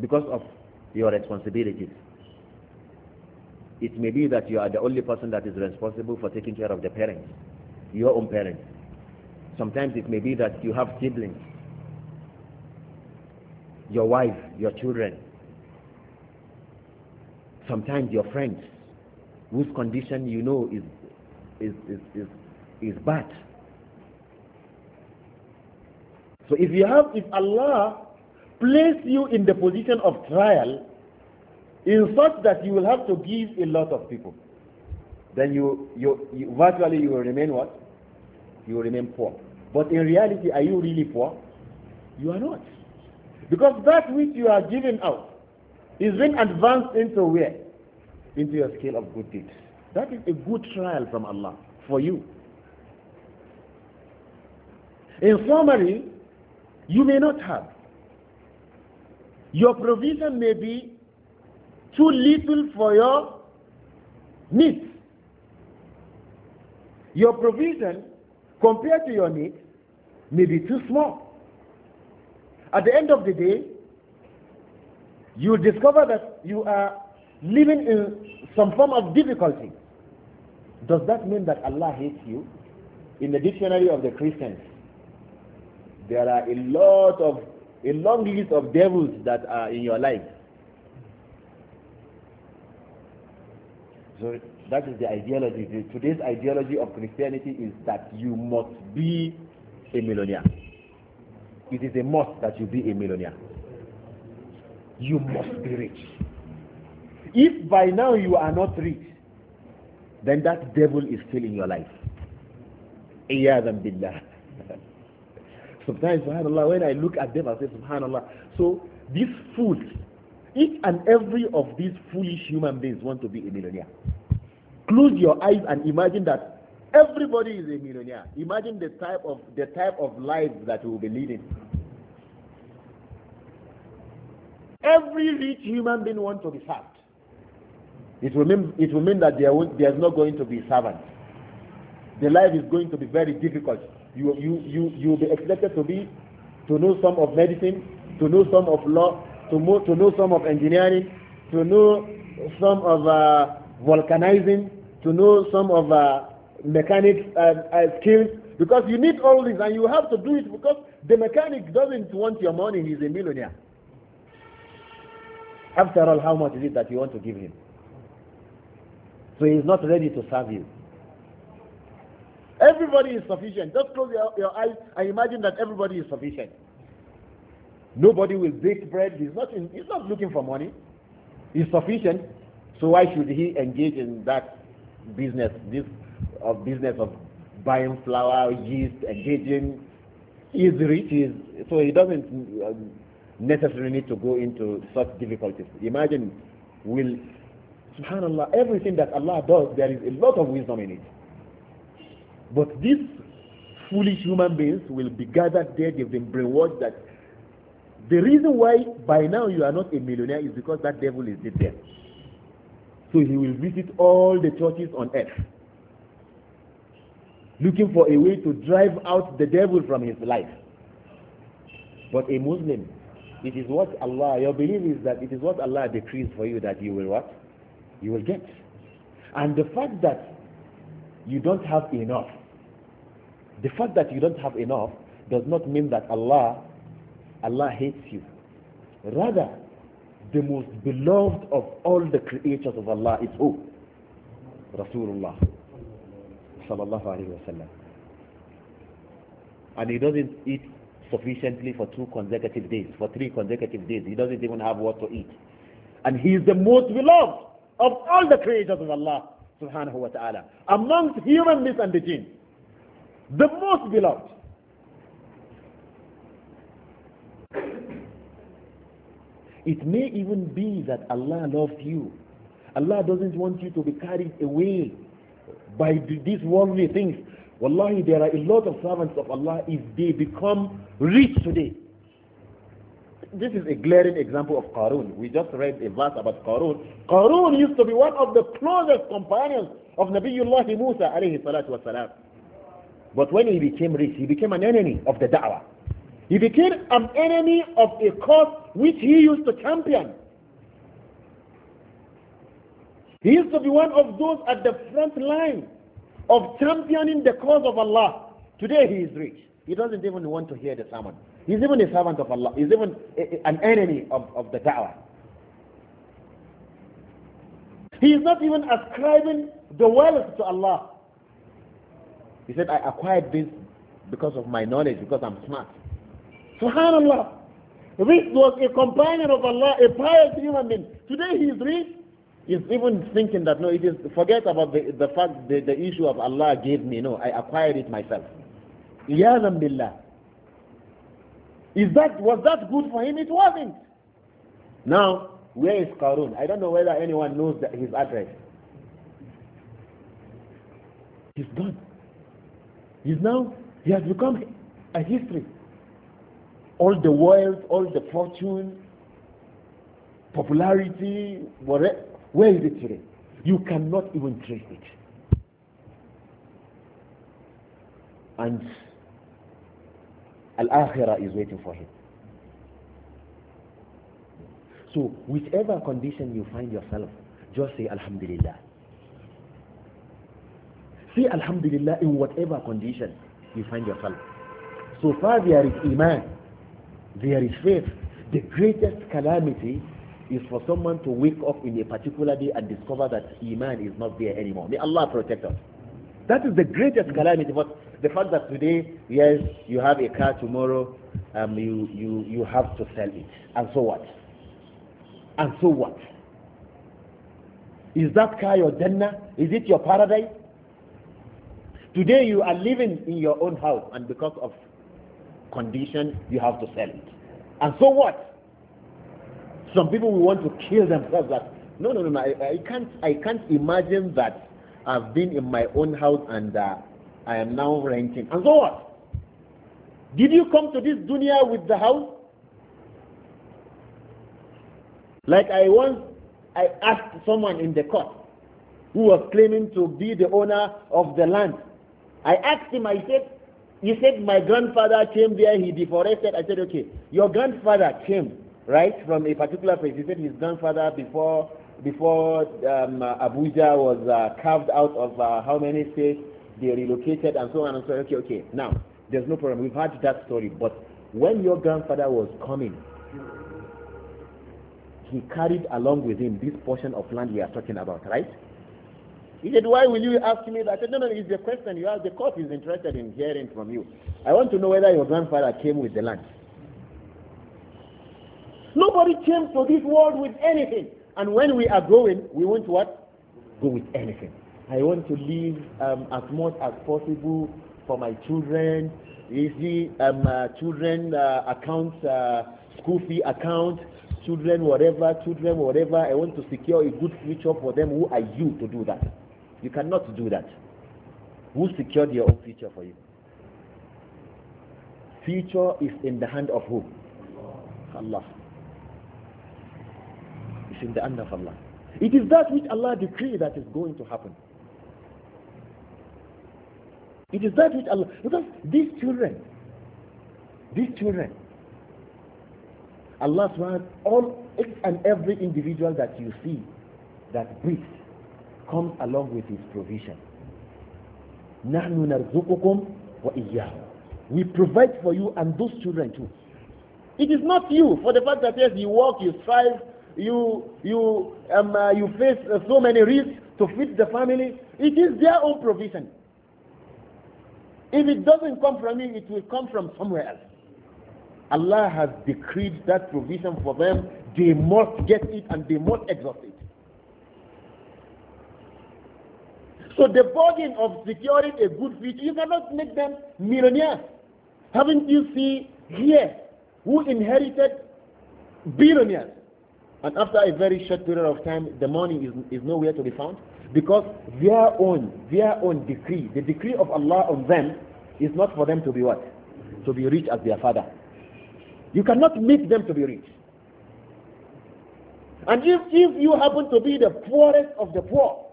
because of your responsibilities. It may be that you are the only person that is responsible for taking care of the parents, your own parents. Sometimes it may be that you have siblings, your wife, your children, sometimes your friends, whose condition you know is, is, is, is, is bad. So if you have, if Allah placed you in the position of trial, in such that you will have to give a lot of people, then you, you, you virtually you will remain what? You will remain poor. But in reality, are you really poor? You are not. Because that which you are giving out is being advanced into where? Into your scale of good deeds. That is a good trial from Allah for you. In summary, you may not have. Your provision may be too little for your needs. Your provision compared to your need may be too small. At the end of the day, you discover that you are living in some form of difficulty. Does that mean that Allah hates you? In the dictionary of the Christians, there are a lot of a long list of devils that are in your life. So that is the ideology. The, today's ideology of Christianity is that you must be a millionaire. It is a must that you be a millionaire. You must be rich. If by now you are not rich, then that devil is still in your life. billah. Sometimes, subhanAllah, when I look at them, I say, subhanAllah. So, these fools, each and every of these foolish human beings want to be a millionaire. Close your eyes and imagine that everybody is a millionaire. Imagine the type of the type of life that we will be leading. Every rich human being wants to be served. It will mean it will mean that there there's not going to be servants. The life is going to be very difficult. You you you you will be expected to be to know some of medicine, to know some of law, to know, to know some of engineering, to know some of uh, vulcanizing, to know some of uh, mechanics um, uh, skills because you need all this and you have to do it because the mechanic doesn't want your money, he's a millionaire. After all, how much is it that you want to give him? So he's not ready to serve you. Everybody is sufficient. Just close your, your eyes and imagine that everybody is sufficient. Nobody will bake bread. He's not, in, he's not looking for money. He's sufficient. So why should he engage in that business, this of uh, business of buying flour, yeast, engaging is rich. so he doesn't um, necessarily need to go into such difficulties. Imagine, will Subhanallah, everything that Allah does, there is a lot of wisdom in it. But these foolish human beings will be gathered there. They've been brainwashed that the reason why by now you are not a millionaire is because that devil is dead there. So he will visit all the churches on earth, looking for a way to drive out the devil from his life. But a Muslim, it is what Allah, your belief is that it is what Allah decrees for you that you will what? You will get. And the fact that you don't have enough, the fact that you don't have enough does not mean that Allah, Allah hates you. Rather, the most beloved of all the creatures of Allah is who? Rasulullah sallallahu alaihi wasallam. And he doesn't eat sufficiently for two consecutive days, for three consecutive days. He doesn't even have what to eat. And he is the most beloved of all the creatures of Allah subhanahu wa ta'ala. Amongst human beings and the jinn. The most beloved. It may even be that Allah loves you. Allah doesn't want you to be carried away by these worldly things. Wallahi, there are a lot of servants of Allah if they become rich today. This is a glaring example of Qarun. We just read a verse about Qarun. Qarun used to be one of the closest companions of Nabiullah Musa alayhi salatu wasalam. But when he became rich, he became an enemy of the da'wah. He became an enemy of a cause which he used to champion. He used to be one of those at the front line of championing the cause of Allah. Today he is rich. He doesn't even want to hear the sermon. He's even a servant of Allah. He's even a, a, an enemy of, of the da'wah. He is not even ascribing the wealth to Allah. He said, I acquired this because of my knowledge, because I'm smart. Subhanallah. Reed was a companion of Allah, a pious human being. Today he is rich. He's even thinking that, no, it is, forget about the, the fact, the, the issue of Allah gave me. No, I acquired it myself. Iyazam billah. Is that, was that good for him? It wasn't. Now, where is Karun? I don't know whether anyone knows his address. He's gone. He's now, he has become a history all the wealth, all the fortune, popularity, whatever, where is it today? You cannot even trace it. And Al-Akhirah is waiting for him. So whichever condition you find yourself, just say Alhamdulillah. Say Alhamdulillah in whatever condition you find yourself. So far there is Iman, there is faith. The greatest calamity is for someone to wake up in a particular day and discover that Iman is not there anymore. May Allah protect us. That is the greatest calamity. But the fact that today, yes, you have a car, tomorrow um, you, you, you have to sell it. And so what? And so what? Is that car your Jannah? Is it your paradise? Today you are living in your own house and because of condition, you have to sell it. And so what? Some people will want to kill themselves. That no, no, no, no. I, I can't. I can't imagine that I've been in my own house and uh, I am now renting. And so what? Did you come to this dunya with the house? Like I once, I asked someone in the court who was claiming to be the owner of the land. I asked him. I said, he said, My grandfather came there, he deforested. I said, Okay, your grandfather came, right, from a particular place. He said his grandfather before before um, Abuja was uh, carved out of uh, how many states they relocated and so on and so on. Okay, okay. Now, there's no problem. We've heard that story. But when your grandfather was coming, he carried along with him this portion of land we are talking about, right? He said, why will you ask me that? I said, no, no, it's a question you ask. The court is interested in hearing from you. I want to know whether your grandfather came with the land. Nobody came to this world with anything. And when we are going, we want what? Go with anything. I want to leave um, as much as possible for my children. You see, um, uh, children uh, accounts, uh, school fee account, children whatever, children whatever. I want to secure a good future for them. Who are you to do that? You cannot do that. Who secured your own future for you? Future is in the hand of who? Allah. It's in the hand of Allah. It is that which Allah decreed that is going to happen. It is that which Allah, because these children, these children, Allah word, all each and every individual that you see that breathes comes along with his provision. نَحْنُ نَرْزُقُكُمْ وَإِيَّاهُمْ We provide for you and those children too. It is not you for the fact that yes, you work, you strive, you, you, um, uh, you face uh, so many risks to feed the family. It is their own provision. If it doesn't come from you, it will come from somewhere else. Allah has decreed that provision for them. They must get it and they must exhaust it. So the burden of securing a good future, you cannot make them millionaires. Haven't you seen here who inherited billionaires? And after a very short period of time, the money is, is nowhere to be found because their own, their own decree, the decree of Allah on them is not for them to be what? To be rich as their father. You cannot make them to be rich. And if, if you happen to be the poorest of the poor,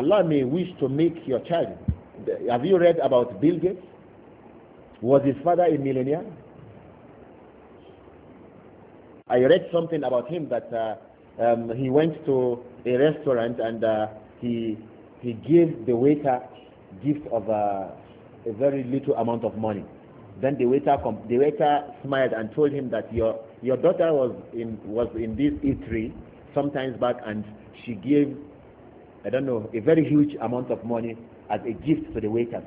Allah may wish to make your child. Have you read about Bill Gates? Was his father a millionaire? I read something about him that uh, um, he went to a restaurant and uh, he he gave the waiter gift of uh, a very little amount of money. Then the waiter the waiter smiled and told him that your your daughter was in was in this eatery sometimes back and she gave I don't know, a very huge amount of money as a gift to the waiters.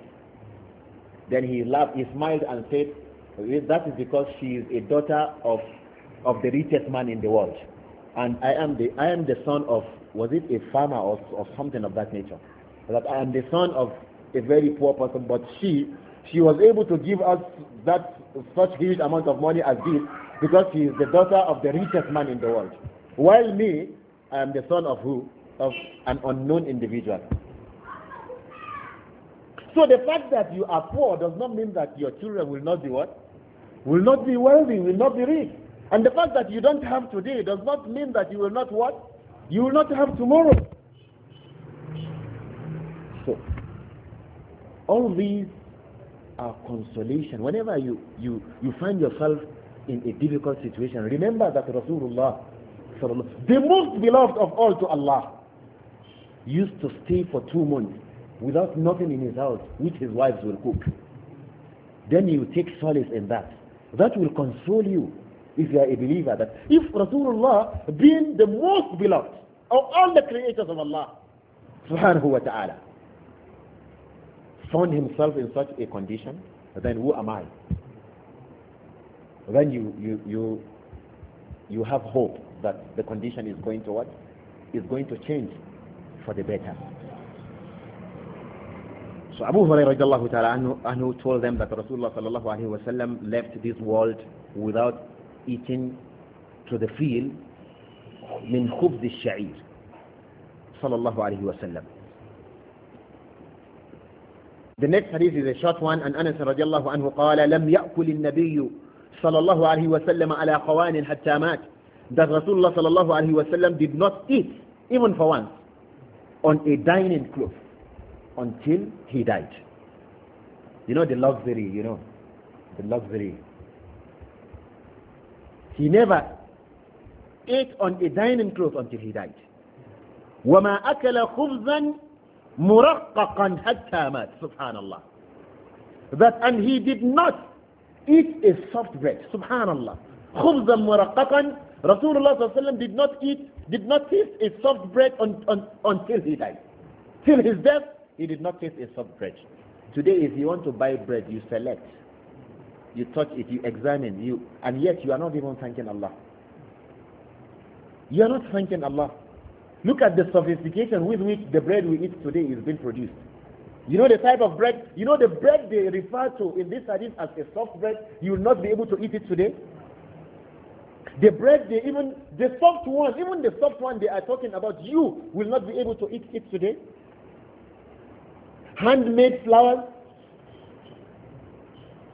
Then he laughed, he smiled and said, that is because she is a daughter of, of the richest man in the world. And I am the, I am the son of, was it a farmer or, or something of that nature? That I am the son of a very poor person, but she, she was able to give us that such huge amount of money as this because she is the daughter of the richest man in the world. While me, I am the son of who? of an unknown individual. So the fact that you are poor does not mean that your children will not be what? Will not be wealthy, will not be rich. And the fact that you don't have today does not mean that you will not what? You will not have tomorrow. So, all these are consolation. Whenever you, you, you find yourself in a difficult situation, remember that Rasulullah, the most beloved of all to Allah, used to stay for two months without nothing in his house which his wives will cook. Then you take solace in that. That will console you if you are a believer that if Rasulullah being the most beloved of all the creators of Allah subhanahu wa ta'ala found himself in such a condition, then who am I? Then you, you, you, you have hope that the condition is going to what? Is going to change for the better. So Abu Hurairah radiallahu ta'ala anhu told them that Rasulullah sallallahu alayhi wa sallam left this world without eating to the field من خبز الشعير صلى الله عليه وسلم The next hadith is a short one and Anas رضي الله عنه قال لم يأكل النبي صلى الله عليه وسلم على خوان حتى مات that Rasulullah صلى الله عليه وسلم did not eat even for once on a dining cloth until he died. You know the luxury, you know, the luxury. He never ate on a dining cloth until he died. وما أكل خبزا مرققا حتى مات سبحان الله that and he did not eat a soft bread subhanallah خبزا مرققا Rasulullah did not eat did not taste a soft bread on, on, until he died. Till his death, he did not taste a soft bread. Today, if you want to buy bread, you select, you touch it, you examine, you, and yet you are not even thanking Allah. You are not thanking Allah. Look at the sophistication with which the bread we eat today is being produced. You know the type of bread, you know the bread they refer to in this hadith as a soft bread, you will not be able to eat it today. The bread, they even the soft one, even the soft one they are talking about, you will not be able to eat it today. Handmade flour,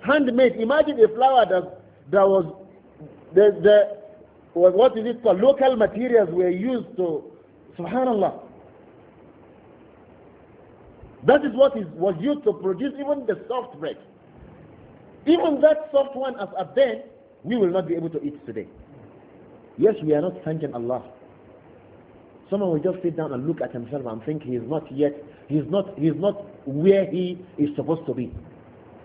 Handmade. Imagine a flower that, that was the, the what is it called? Local materials were used to subhanallah. That is what is, was used to produce even the soft bread. Even that soft one as a then, we will not be able to eat today. Yes, we are not thanking Allah. Someone will just sit down and look at himself and think he is not yet, he is not, he is not where he is supposed to be.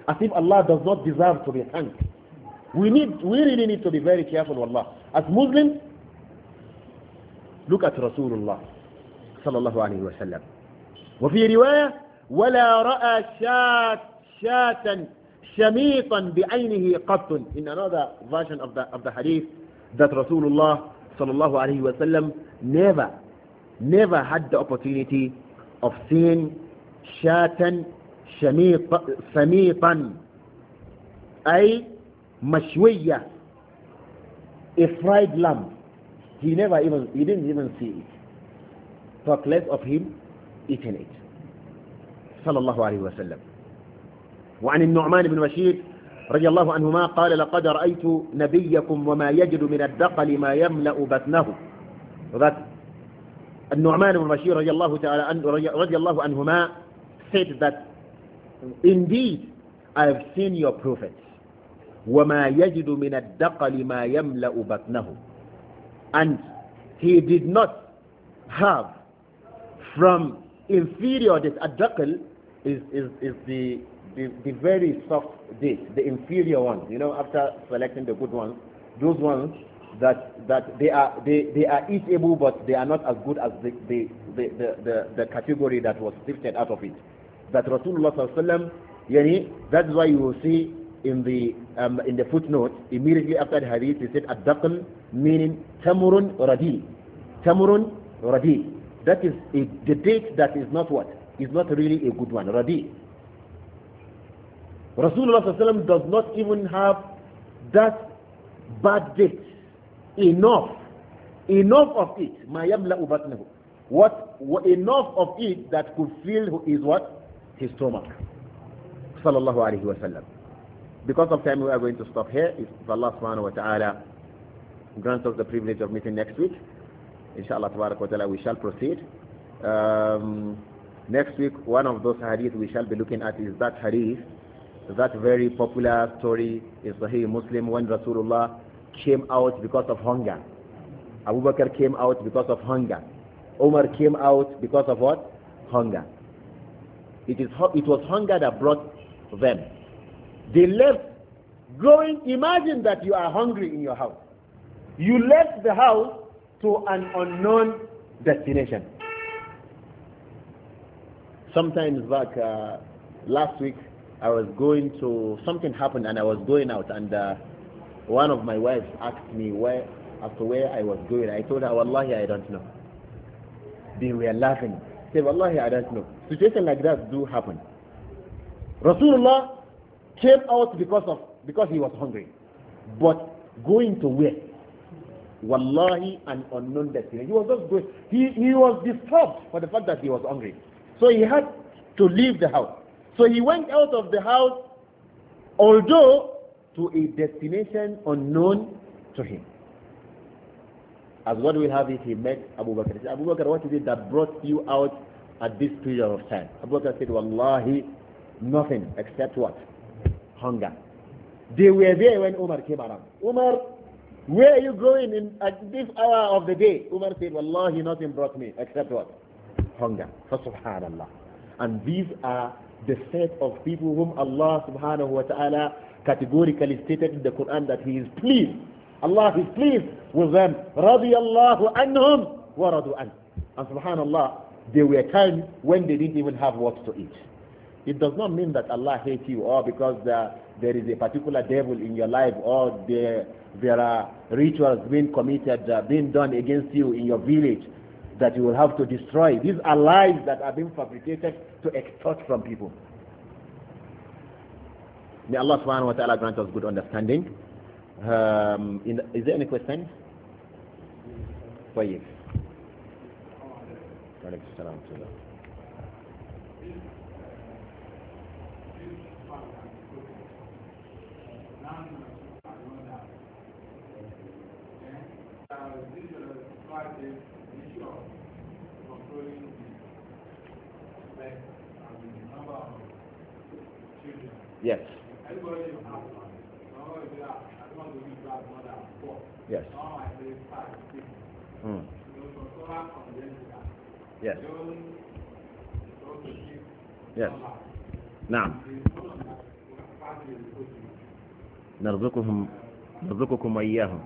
As if Allah does not deserve to be thanked. We need, we really need to be very careful, Allah. As Muslims, look at Rasulullah sallallahu alaihi wasallam. وفي رواية ولا رأى شاة شاة شميطا بعينه قط in another version of the, of the hadith that Rasulullah sallallahu wa sallam never never had the opportunity of seeing shatan samitan ay mashwiyya a fried lamb he never even he didn't even see it talk less of him eating it صلى الله عليه وسلم وعن النعمان بن بشير رضي الله عنهما قال لقد رأيت نبيكم وما يجد من الدقل ما يملأ بطنه وذات النعمان بن بشير رضي الله تعالى عنه رضي الله عنهما said that indeed I have seen your prophet وما يجد من الدقل ما يملأ بطنه and he did not have from inferior this الدقل is, is, is the the, the very soft dates, the inferior ones, you know, after selecting the good ones, those ones that, that they, are, they, they are eatable, but they are not as good as the, the, the, the, the, the category that was sifted out of it. That Rasulullah yani, that's why you will see in the, um, in the footnote, immediately after the hadith, he said, ad meaning Tamurun Radil. Tamurun Radil. That is a, the date that is not what? Is not really a good one. Radil. Rasulullah does not even have that bad date. Enough. Enough of it. What, what enough of it that could fill is what? His stomach. Sallallahu alayhi wa sallam. Because of time we are going to stop here. If Allah subhanahu wa ta'ala grants us the privilege of meeting next week, inshallah tabarak wa ta'ala we shall proceed. Um, next week one of those hadith we shall be looking at is that hadith that very popular story in Sahih Muslim when Rasulullah came out because of hunger. Abu Bakr came out because of hunger. Omar came out because of what? Hunger. It, is, it was hunger that brought them. They left going, imagine that you are hungry in your house. You left the house to an unknown destination. Sometimes back uh, last week, I was going to something happened and I was going out and uh, one of my wives asked me where after where I was going. I told her, Wallahi, I don't know. They were laughing. Say, Wallahi, I don't know. Situation like that do happen. Rasulullah came out because of because he was hungry. But going to where? Wallahi, an unknown destination. He was just going. He, he was disturbed for the fact that he was hungry. So he had to leave the house. So he went out of the house, although to a destination unknown to him. As God will have it, he met Abu Bakr. He said, Abu Bakr, what is it that brought you out at this period of time? Abu Bakr said, Wallahi, nothing except what? Hunger. They were there when Umar came around. Umar, where are you going in, at this hour of the day? Umar said, Wallahi, nothing brought me except what? Hunger. For subhanallah. And these are the fate of people whom Allah subhanahu wa ta'ala categorically stated in the Quran that He is pleased. Allah is pleased with them. رضي الله wa radu an. And subhanallah, there were times when they didn't even have what to eat. It does not mean that Allah hates you or because there, there is a particular devil in your life or there, there are rituals being committed, uh, being done against you in your village that you will have to destroy. These are lies that are being fabricated to extort from people. May Allah subhanahu wa ta'ala grant us good understanding. Um, in, is there any question? for وعليكم Thank you. Yes. نعم نرزقهم نرزقكم وإياهم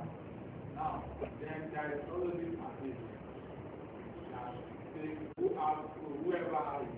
نعم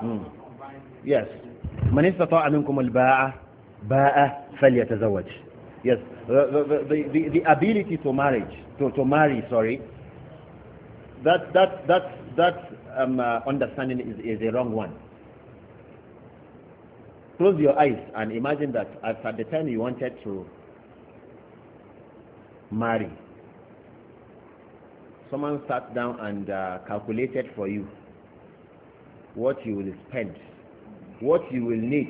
Hmm. Yes. Man istata'a minkum albaa baa falyatazawwaj. Yes. The, the, the, the ability to marriage, to, to marry, sorry. That that that that um, uh, understanding is, is a wrong one. Close your eyes and imagine that at the time you wanted to marry, someone sat down and uh, calculated for you what you will spend, what you will need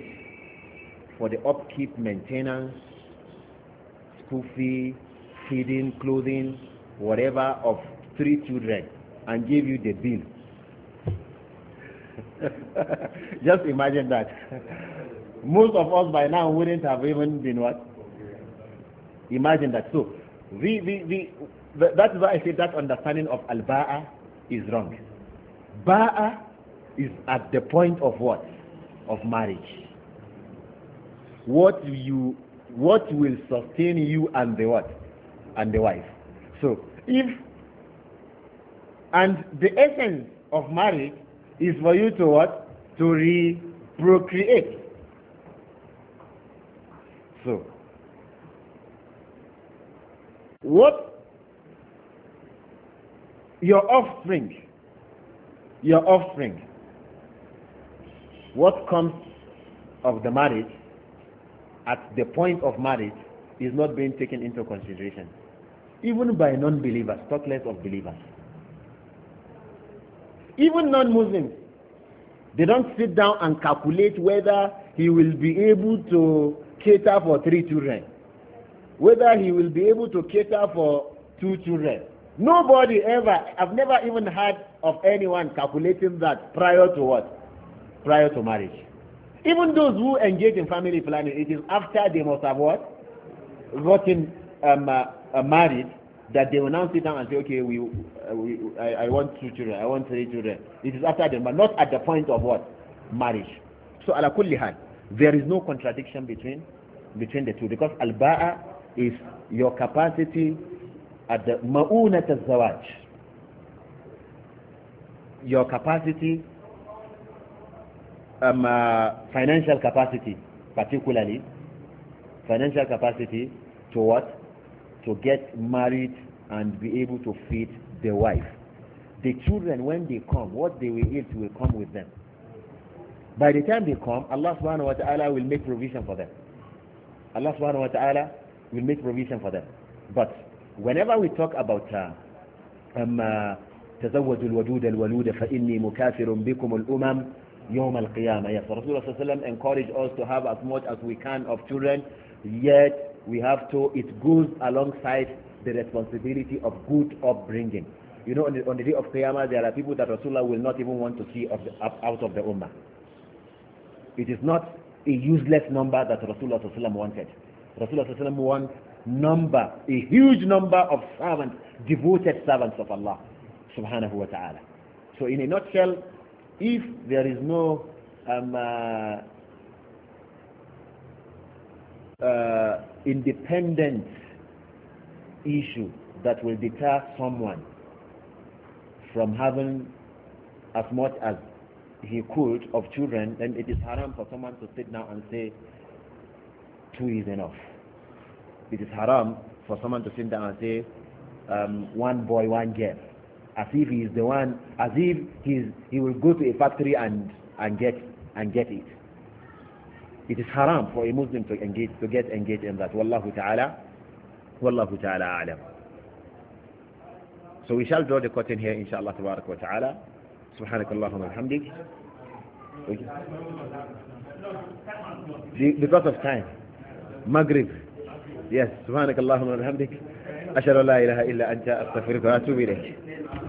for the upkeep, maintenance, school fee, feeding, clothing, whatever of three children and give you the bill. Just imagine that. Most of us by now wouldn't have even been what? Imagine that. So, we, we, we. that is why I say that understanding of al-ba'a is wrong. Ba'a is at the point of what? Of marriage. What you what will sustain you and the what? And the wife. So if and the essence of marriage is for you to what? To re-procreate. So what your offspring your offspring what comes of the marriage at the point of marriage is not being taken into consideration, even by non-believers, talk less of believers. Even non-Muslims, they don't sit down and calculate whether he will be able to cater for three children, whether he will be able to cater for two children. Nobody ever, I've never even heard of anyone calculating that prior to what? prior to marriage. Even those who engage in family planning, it is after they must have what? Gotten um, uh, uh, married that they will now sit down and say, okay, we, uh, we I, I, want two children, I want three children. It is after them, but not at the point of what? Marriage. So ala kulli hal, there is no contradiction between between the two because al-ba'a is your capacity at the ma'unat al-zawaj. Your capacity um, uh, financial capacity, particularly financial capacity to what? To get married and be able to feed the wife. The children, when they come, what they will eat will come with them. By the time they come, Allah subhanahu wa ta'ala will make provision for them. Allah subhanahu wa ta'ala will make provision for them. But whenever we talk about uh, um, uh, تزوجوا الودود الولود فإني مكافر بكم الأمم يوم القيامة yes Rasulullah صلى الله عليه وسلم encouraged us to have as much as we can of children yet we have to it goes alongside the responsibility of good upbringing you know on the, on the day of Qiyamah there are people that Rasulullah will not even want to see of the, out of the Ummah it is not a useless number that Rasulullah sallallahu alaihi wasallam wanted Rasulullah sallallahu alaihi wasallam wants number a huge number of servants devoted servants of Allah subhanahu wa ta'ala so in a nutshell if there is no um, uh, uh, independent issue that will deter someone from having as much as he could of children, then it is haram for someone to sit down and say, two is enough. It is haram for someone to sit down and say, um, one boy, one girl as if he is the one as if he's, he will go to a factory and and get and get it it is haram for a muslim to engage to get engaged in that wallahu ta'ala wallahu ta'ala alam so we shall draw the curtain here inshallah tabarak wa ta'ala subhanak allahumma hamdik because of time maghrib yes subhanak allahumma hamdik أشهد أن لا إله إلا أنت أستغفرك وأتوب إليك